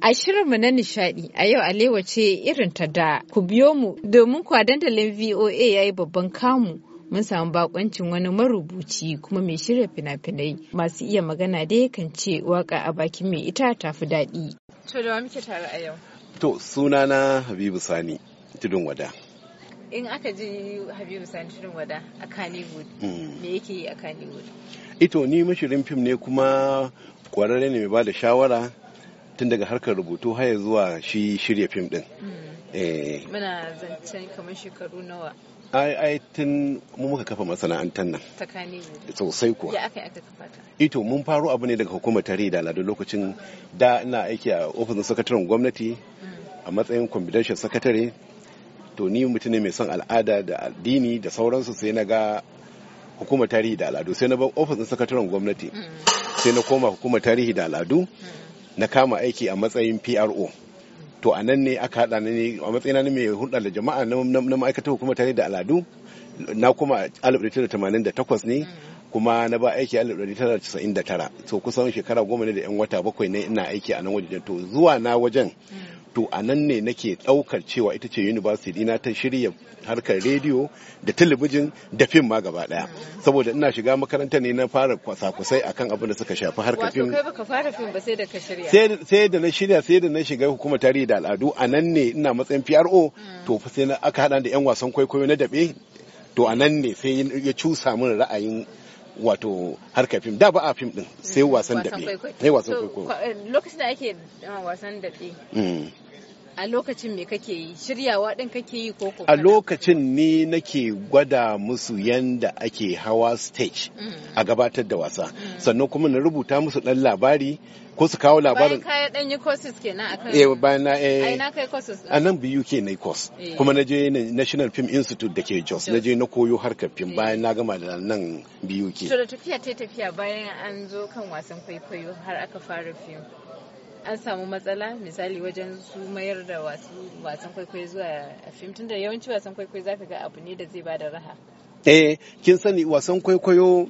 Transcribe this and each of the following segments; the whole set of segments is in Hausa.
A shirinmu na nishaɗi, a yau alewa ce irin ta da ku biyo mu domin kwa dandalin VOA ya yi babban kamu mun samu bakoncin wani marubuci kuma mai shirya fina-finai masu iya magana da ya kan ce waka a bakin mai ita tafi daɗi. To da muke tare a yau? To na Habibu Sani tudun wada. In aka ji Habibu Sani tudun wada a Kannywood, hmm. me yake yi a Kannywood? Ito ni mashirin fim ne kuma kwararre ne mai ba da shawara tun daga harkar rubutu har zuwa shi shirya fim din hmm. eh. muna zancen kamar shekaru nawa ai ai tun mu muka kafa masana'antar nan sosai kuwa ya aka aka kafa ta ito mun faro abu ne daga hukumar tare da aladu lokacin da ina aiki a ofisin sakataren gwamnati hmm. a matsayin confidential secretary to ni mutum ne mai son al'ada da addini da sauransu sai na ga hukumar tarihi da al'adu sai na bar ofisin sakataren gwamnati hmm. sai na koma hukumar tarihi da al'adu na kama aiki a matsayin PRO. To a nan ne aka haɗa ne a matsayina na mai hulɗa da jama'a na ma'aikatar hukumar tare da al'adu na kuma 1988 ne kuma na ba aiki 1999 so kusan shekara goma ne da 'yan wata bakwai ne ina aiki a nan wajen to zuwa na wajen to a nan ne nake ɗaukar cewa ita ce university na ta shirya harkar rediyo da talabijin da fim ma gaba daya saboda ina shiga makaranta ne na fara kwasa kusai akan abin da suka shafi harkar fim wato kai baka fara fim ba sai da ka shirya sai da na shirya sai da na shiga hukumar tarihi da al'adu a nan ne ina matsayin PRO hmm. to sai aka haɗa da 'yan wasan kwaikwayo na daɓe to a nan ne sai ya cusa min ra'ayin wato harkar fim da ba a fim din sai mm, wasan daɓe sai eh, wasan kwaikwayo eh, lokacin da ake ah, wasan daɓe mm. a lokacin me kake yi shiryawa din kake yi ko a lokacin ne nake gwada musu yanda ake hawa stage mm. a gabatar da wasa mm. sannan kuma na rubuta musu dan labari ko su kawo labarin bayan kayan dan yi courses kenan akan eh bayan na eh kai a nan biyu ke na course eh. kuma na je National Film Institute da ke Jos na je na koyo harkar film eh. bayan na gama da nan biyu ke to da tafiya ta tafiya bayan an zo kan wasan kwaikwayo har aka fara fim. an samu matsala misali wajen su mayar da wasan kwaikwayo zuwa a fim tunda yawanci wasan kwaikwayo ka ga abu ne da zai bada raha eh kin sani wasan kwaikwayo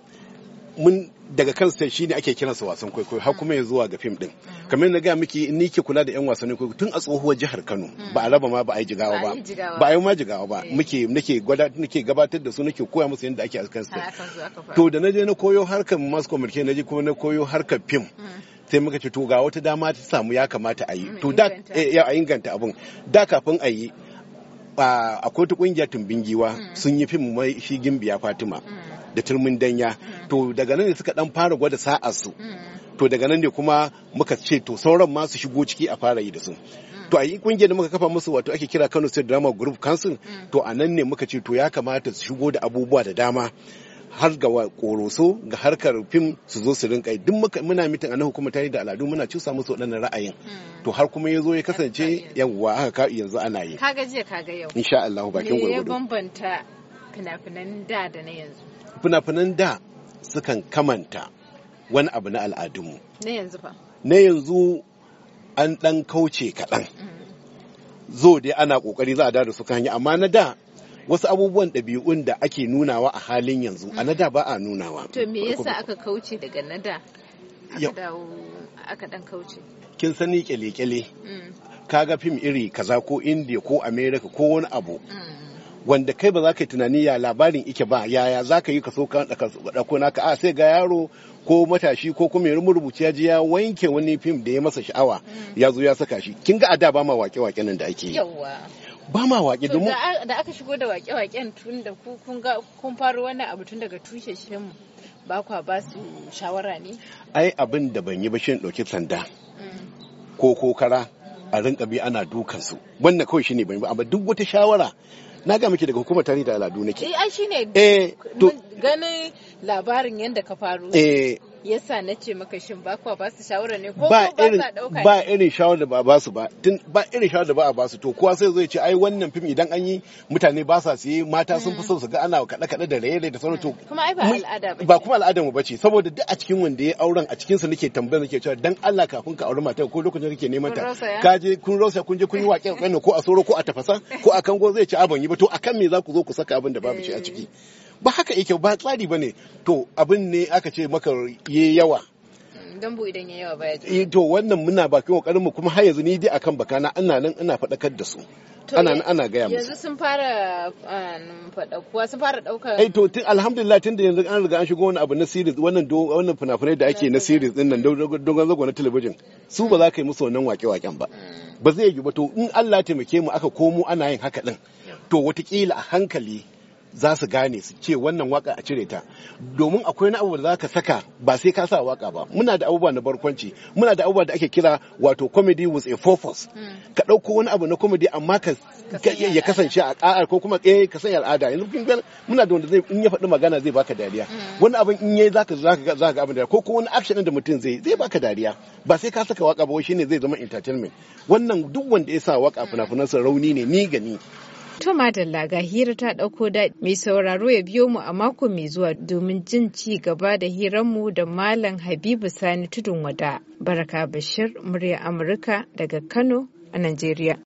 mun daga kan sai shi ne ake kiransa wasan kwaikwayo har kuma ya zuwa ga fim din mm. kamar na ga miki ni ke kula da yan wasannin kwaikwayo tun a tsohuwar jihar Kano mm. ba a raba ma ba a yi jigawa ba ba a yi ma jigawa ba eh. muke nake gwada nake gabatar da su nake koya musu yadda ake a kansa to da na je na koyo harkar mass communication na je kuma na koyo harkar fim mm. sai muka ce to ga wata dama ta samu ya kamata a yi mm, to da eh, ya inganta abun da kafin a yi a kotu kungiyar tumbin giwa mm. sun yi fim mai shi gimbiya fatima mm. da turmin danya to daga nan ne suka dan fara gwada sa'arsu to daga nan ne kuma muka ce to sauran ma su shigo ciki a fara yi da su to a yi kungiyar da muka kafa musu wato ake kira Kano State Drama Group Council to a nan ne muka ce to ya kamata su shigo da abubuwa da dama har ga koroso ga harkar fim su zo su rinka duk muna mitin a na hukumar tare da al'adu muna cusa musu waɗannan ra'ayin hmm. to har kuma ya zo ya kasance yawwa aka ka yanzu ana yi kaga jiya kaga yau insha Allah bakin gwargwado ne bambanta fina-finan da da na yanzu fina-finan da sukan kamanta wani abu na al'adunmu na yanzu fa na yanzu an ɗan kauce kaɗan hmm. zo dai ana ƙoƙari za a da su kan yi amma na da wasu abubuwan ɗabi'un da ake nunawa a halin yanzu a nada ba a nunawa to me yasa aka kauce daga nada aka aka dan kauce kin sani kyale-kyale mm. kaga fim iri kaza ko indiya ko america ko wani abu mm. wanda kai ba za ka yi tunani ya labarin ike ba yaya za ka yi kaso ka ɗauko a sai ga yaro ko matashi ko kuma ya rubuci ya ji ya wanke wani fim da ya masa sha'awa mm. ya zo ya saka shi kin ga a da ba ma wake-wake nan da ake yi ba ma waƙe domin da aka shigo da waƙe-waƙen tun da kun ga kun faro wannan abu tun daga tushe mu, ba kwa ba su shawara ne ai abin da ban yi ba shin ɗauki sanda mm. ko kokara a rinka bi ana dukan su wannan kawai shine ban yi ba amma duk wata shawara na ga miki daga hukumar tarihi da al'adu nake eh ai eh to ganin labarin yadda ka faru eh yasa na ce maka shin ba kuwa ba su shawara ne ko ba irin ba irin shawara ba ba su ba tun ba irin shawara ba ba su to kowa sai zai ce ai wannan fim idan an yi mutane ba sa siye mata sun fi mm. so su ga ana kada kada da raye da sauran to mm. kuma ai ba al'ada ba ba kuma al'ada mu ce saboda duk a cikin wanda ya auren a cikin su nake tambayar nake cewa dan Allah kafin ka aure mata ko lokacin kake neman ta ka je kun rosa kun je kun yi waƙe ko a soro ko a tafasa ko a kango zai ce abin yi ba to akan me za ku zo ku saka abin da babu ce a ciki eh. ba haka yake ba tsari ba ne to abin ne aka ce maka ye yawa dambu idan ya yawa baya eh to wannan muna bakin kokarin mu kuma har yanzu ni dai akan bakana ana nan ana faɗakar da su ana nan ana gaya musu yanzu sun fara ah, faɗakuwa sun fara ɗaukar eh to tun alhamdulillah tun da yanzu an riga an shigo wani abu na series wannan wannan fina-finai da ake na series din nan dogon zago na television su ba za ka yi musu wannan wake-waken ba hmm. ba zai yi ba to in Allah ya taimake mu aka komo ana yin haka din to watakila a hankali za su gane su ce wannan waka a cire ta domin akwai na abu da za ka saka ba sai ka sa waka ba muna da abubuwa na barkwanci muna da abubuwa da ake kira wato comedy with a purpose hmm. ka dauko wani abu na comedy amma ka ya kasance a ƙa'ar ko kuma eh ka sanya al'ada yanzu kin ga muna da wanda zai in ya faɗi magana zai baka dariya hmm. wani abin in yayi zaka zaka zaka abin da ko ko wani action da mutum zai zai baka dariya ba sai ka saka waka ba shine zai zama entertainment wannan duk wanda ya sa waka hmm. fina-finansa rauni ne ni gani To Madalla ga hira ta ɗauko daɗi mai sauraro ya biyo mu a mako mai zuwa domin jin ci gaba da hiranmu da Malam Habibu Sani Tudun Wada. Baraka Bashir, murya Amurka daga Kano a Najeriya.